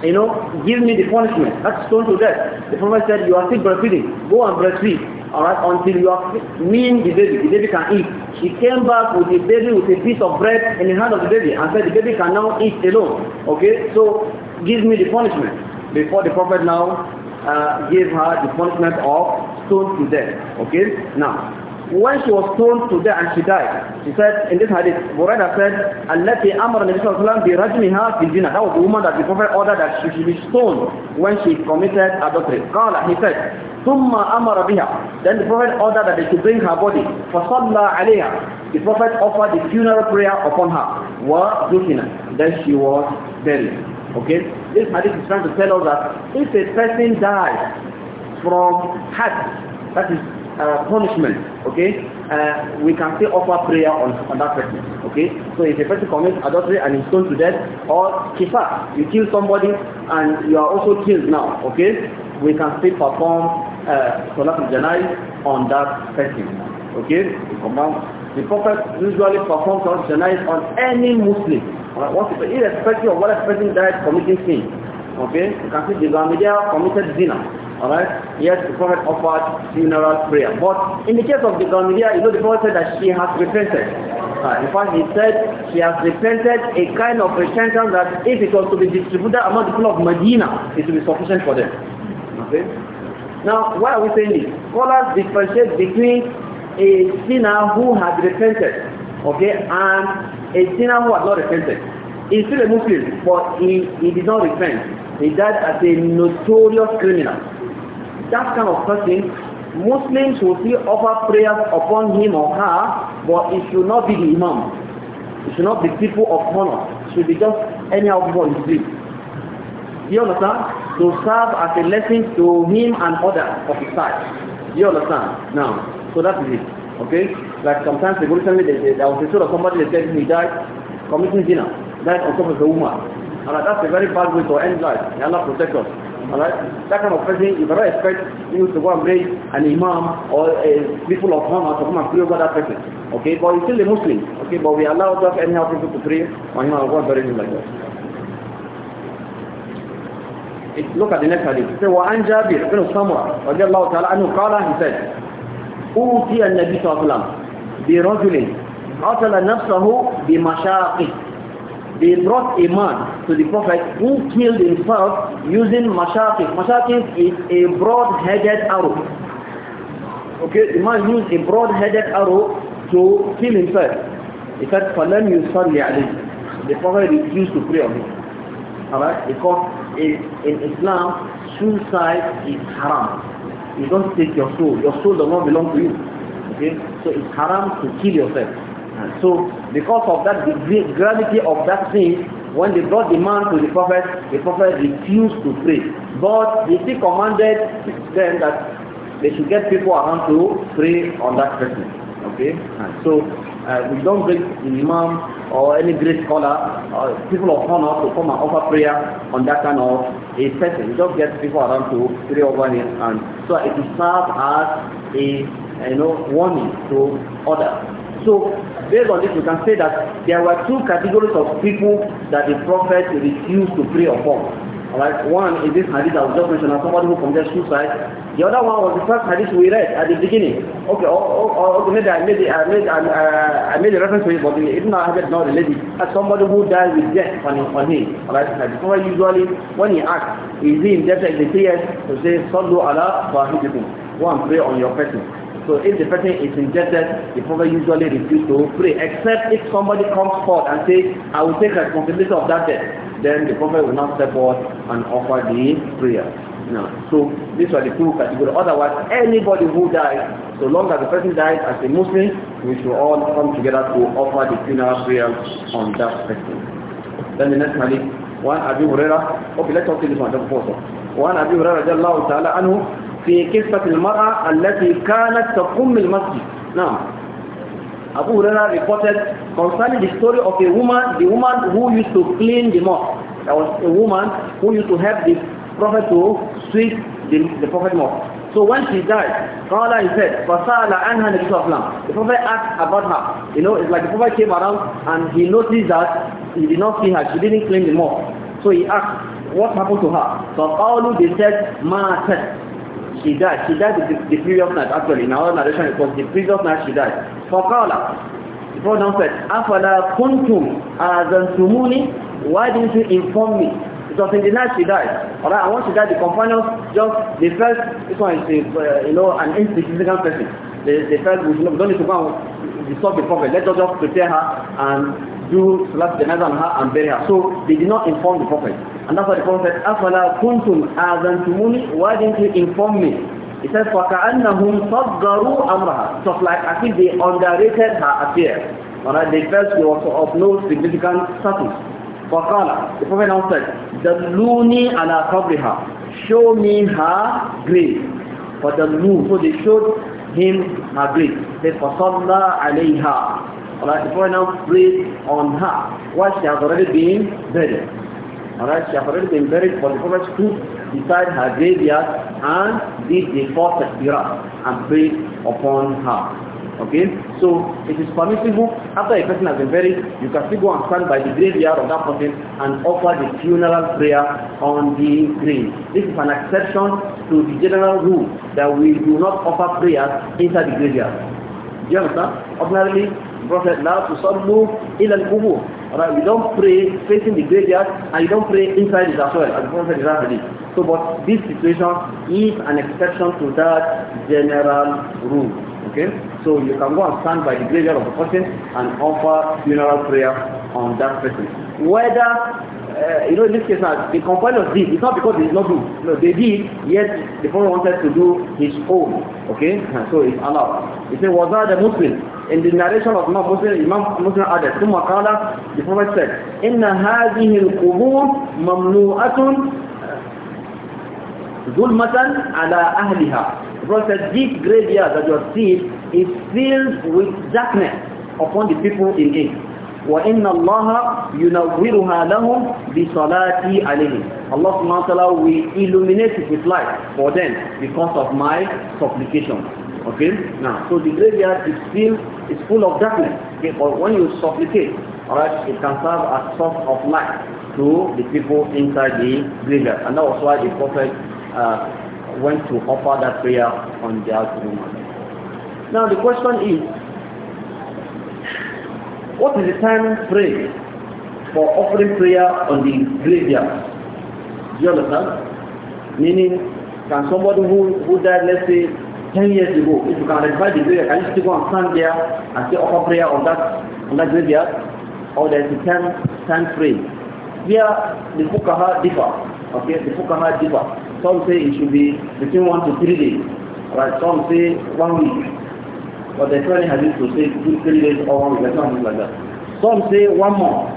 A: you know, give me the punishment. That's stone to death. The Prophet said, you are still breastfeeding. Go and breastfeed. Alright, until you are mean the baby, the baby can eat. She came back with the baby with a piece of bread in the hand of the baby and said the baby can now eat alone. Okay, so give me the punishment before the Prophet now uh, gave her the punishment of stone to death. Okay? Now, when she was stoned to death and she died, she said in this hadith, Buraida said, Allati Amr Nabi Sallallahu Alaihi Wasallam bi That was the woman that the Prophet ordered that she should be stoned when she committed adultery. Qala, he said, Summa Amr biha. Then the Prophet ordered that they should bring her body. Fasalla alayha. The Prophet offered the funeral prayer upon her. Wa zukina. Then she was buried. Okay? this hadith is trying to tell us that if a person dies from heart, that is uh, punishment, okay, uh, we can still offer prayer on, on that person, okay? So if a person commits adultery and is stoned to death, or kifa, you kill somebody and you are also killed now, okay? We can still perform uh, al-janai on that person, okay? The Prophet usually performs salat al-janai on any Muslim, Right? Once, but irrespective of whether person died committing sin, okay, you can see the Gamidia committed zina. Alright? Yes, the Prophet offered funeral prayer. But in the case of the Gamidia, you know the Prophet said that she has repented. Right? Uh, in fact, he said she has repented a kind of repentance that if it was to be distributed among the people of Medina, it will be sufficient for them. Okay? Now, why are we saying this? Scholars differentiate between a sinner who has repented, okay, and a sinner who has not repented. He's still a Muslim, but he, he did not repent. He died as a notorious criminal. That kind of person, Muslims will still offer prayers upon him or her, but it should not be the imam. It should not be people of honor. It should be just anyhow people in sleep. You understand? To serve as a lesson to him and others of his side. You understand? Now, so that is it. Okay? Like sometimes they go tell me that there was a story of somebody that said he died committing dinner, died on top of the woman. Alright, that's a very bad way to end life. May Allah protect us. Alright? That kind of person, you better expect you to go and bring an imam or a people of honor to come and pray over that person. Okay? But he's still a Muslim. Okay? But we allow that anyhow people to pray on him and go and bury him like that look at the next hadith. It says, وَعَنْ جَابِرْ بِنُ سَمْرَ رضي الله تعالى عنه قال he said, أوتي النبي صلى الله عليه وسلم برجل قتل نفسه بمشاقه they brought a man to the prophet who killed himself using mashaqif. Mashaqif is a broad-headed arrow. Okay, the man used a broad-headed arrow to kill himself. He said, فَلَمْ يُصَلِّ عَلَيْهِ The prophet refused to pray on him. Alright, because in Islam, suicide is haram. You don't take your soul. Your soul does not belong to you. Okay? So it's haram to kill yourself. Uh, so because of that the gravity of that thing, when they brought the man to the prophet, the prophet refused to pray. But he still commanded them that they should get people around to pray on that person. Okay? Uh, so Uh, we don't bring imam or any great scholar or uh, people of honor to come and offer prayer on that kind of a session. We just get people around to pray over him, and so it will serve as a you know warning to others. So based on this we can say that there were two categories of people that the prophet refused to pray upon. Right, one is this hadith I was just mentioned somebody who commits suicide. The other one was the first hadith we read at the beginning. Okay, or, or, or maybe I made, I made, I, uh, I made a reference to it, but Ibn Ahmed not related. As somebody who died with death on, on him. Alright, somebody usually, when he asks, is he in death like the three years to say, Sallu ala bahidikum. One, pray on your person. So if the person is injected, the prophet usually refuses to pray, except if somebody comes forward and says, I will take responsibility of that death." then the prophet will not step forth and offer the prayer. No. so these are the two categories. Otherwise, anybody who dies, so long as the person dies as a Muslim, we should all come together to offer the funeral prayer on that person. Then the next hadith, one Abu Huraira. Okay, let's talk to this one. Don't pause. One Abu Huraira radiallahu ta'ala anhu في قصة المرأة التي كانت تقوم المسجد. No. Abu Huraira reported concerning the story of a woman, the woman who used to clean the mosque. There was a woman who used to help the Prophet to sweep the, the Prophet mosque. So when she died, Qala he said, فَسَأَلَ anha نَبِيُّ صَلَّى The Prophet asked about her. You know, it's like the Prophet came around and he noticed that he did not see her. She didn't clean the mosque. So he asked, what happened to her? So Qawlu, they said, مَاتَتْ She died. She died the, the previous night, actually. In our narration, it was the previous night she died. فَقَالَ The Prophet said, أَفَلَا كُنْتُمْ أَذَنْتُمُونِ Why didn't you inform me? Because in the night she died. Alright, and once she died, the companions just, they felt, this one is, uh, you know, an insignificant person. They, they felt we don't need to go and disturb the prophet. Let us just prepare her and do the janaza on her and bury her. So they did not inform the prophet. And that's why the prophet said, أَفَلَا كُنْتُمْ Why didn't you inform me? He says, فَكَأَنَّهُمْ صَدَّرُوا أَمْرَهَا Just like I think they underrated her affair. Alright, they felt she was of no significant status. فَقَالَ The prophet now said, دَلُّونِي عَلَى قَبْرِهَا Show me her grave. For the moon, so they showed him her grave. They فَصَلَّى عَلَيْهَا Alright, the now prayed on her while she has already been buried. Alright, she has already been buried, but the prophet stood beside her graveyard and did the fourth takbirah and prayed upon her. Okay, so it is permissible after a person has been buried, you can still go and stand by the graveyard of that person and offer the funeral prayer on the grave. This is an exception to the general rule that we do not offer prayers inside the graveyard. Do you understand? Ordinarily, Prophet now to some sallu in and qubur Alright, we don't pray facing the graveyard and you don't pray inside it as well, as the Prophet is So, but this situation is an exception to that general rule. Okay? So you can go and stand by the graveyard of the person and offer funeral prayer on that person. Whether, uh, you know, in this case, now, the companions did. It's not because they did not do. No, they did, yet the Prophet wanted to do his own. Okay? So it's allowed. He said, was that the Muslim? In the narration of Imam Muslim, Imam Muslim added, ثم Qala." the Prophet said, إن هذه القبور ممنوعة Zulmatan ala ahliha. The Prophet said, this graveyard that you see is filled with darkness upon the people in it. وَإِنَّ اللَّهَ يُنَوِّرُهَا لَهُمْ بِصَلَاتِ عَلَيْهِمْ Allah subhanahu wa ta'ala will illuminate it with light for them because of my supplication. Okay? Now, so the graveyard is still is full of darkness. Okay, but when you supplicate, alright, it can serve as source of light to the people inside the graveyard. And that was why the Prophet uh, went to offer that prayer on behalf the woman. Now the question is, what is the time frame for offering prayer on the graveyard? Do you understand? Meaning, can somebody who, who died, let's say, 10 years ago, if you can identify the graveyard, can you still go and stand there and say offer prayer on that, on that graveyard? Or there is a time, time frame. Here, the Fukaha differ. Okay, the Fukaha differ. Some say it should be between one to three days, right? Some say one week. But the training has to say two, three days or one week, or something like that. Some say one month.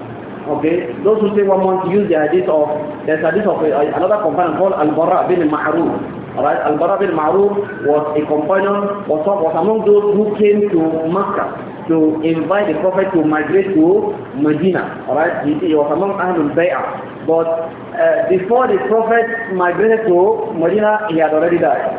A: Okay, those who say one month use the hadith of there's hadith of a, another companion called albara bin Ma'ruf. Alright, albara bin Ma'ruf was a companion was, was among those who came to Makkah to invite the Prophet to migrate to Medina. Alright, he, he was among Ahlul Bay'ah. But uh, before the Prophet migrated to Medina, he had already died.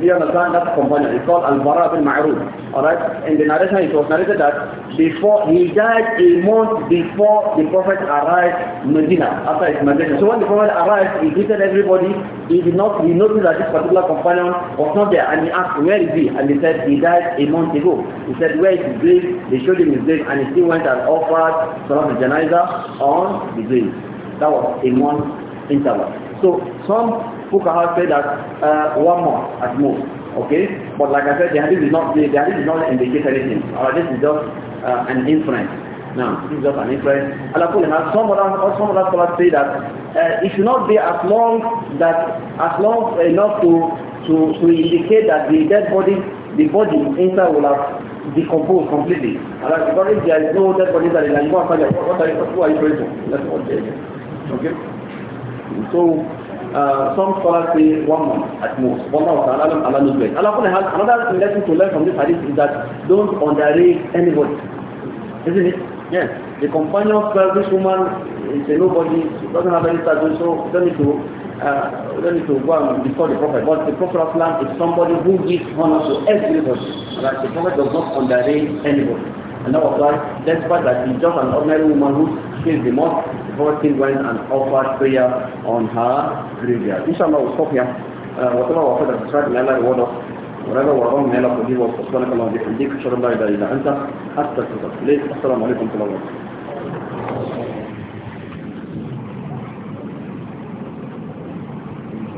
A: We understand? that a companion. It's called Al-Bara bin Ma'ruf. Alright? In the narration it was narrated that before he died a month before the Prophet arrived Medina, after his migration. So when the Prophet arrived, he greeted everybody. He did not, he noticed that this particular companion was not there and he asked, where is he? And he said, he died a month ago. He said, where is his grave? They showed him his grave and he still went and offered some of the janaiza on the grave. That was a month interval. So some Fuqaha said that uh, one month at most. Okay? But like I said, the hadith is not, the, the hadith is not indicate anything. Or this is just uh, an inference. Now, this is just an inference. Allah some other, some other scholars say that uh, it should not be as long that, as long enough to, to, to indicate that the dead body, the body inside will have decomposed completely. Allah, because if there is no dead body that is like, what are you praying for? That's what they Okay? So uh, some scholars say one month at most. One month Allah knows best. Allah has another lesson to learn from this hadith is that don't underrate anybody. Isn't it? Yes. The companion of uh, this woman is a nobody, she doesn't have any status, so don't need to uh, don't need to go and before the Prophet. But the Prophet of Islam is somebody who gives honor to everybody. Right? The Prophet does not underrate anybody did not why, despite that she's just an ordinary woman who stays the mosque before she went and offered prayer on her graveyard. Inshallah, we'll stop here. Uh, whatever was said and described, may Allah reward us. Whatever was wrong, may Allah forgive us. سبحانك اللهم وبحمدك أشهد أن لا إله إلا أنت أستغفرك إليك السلام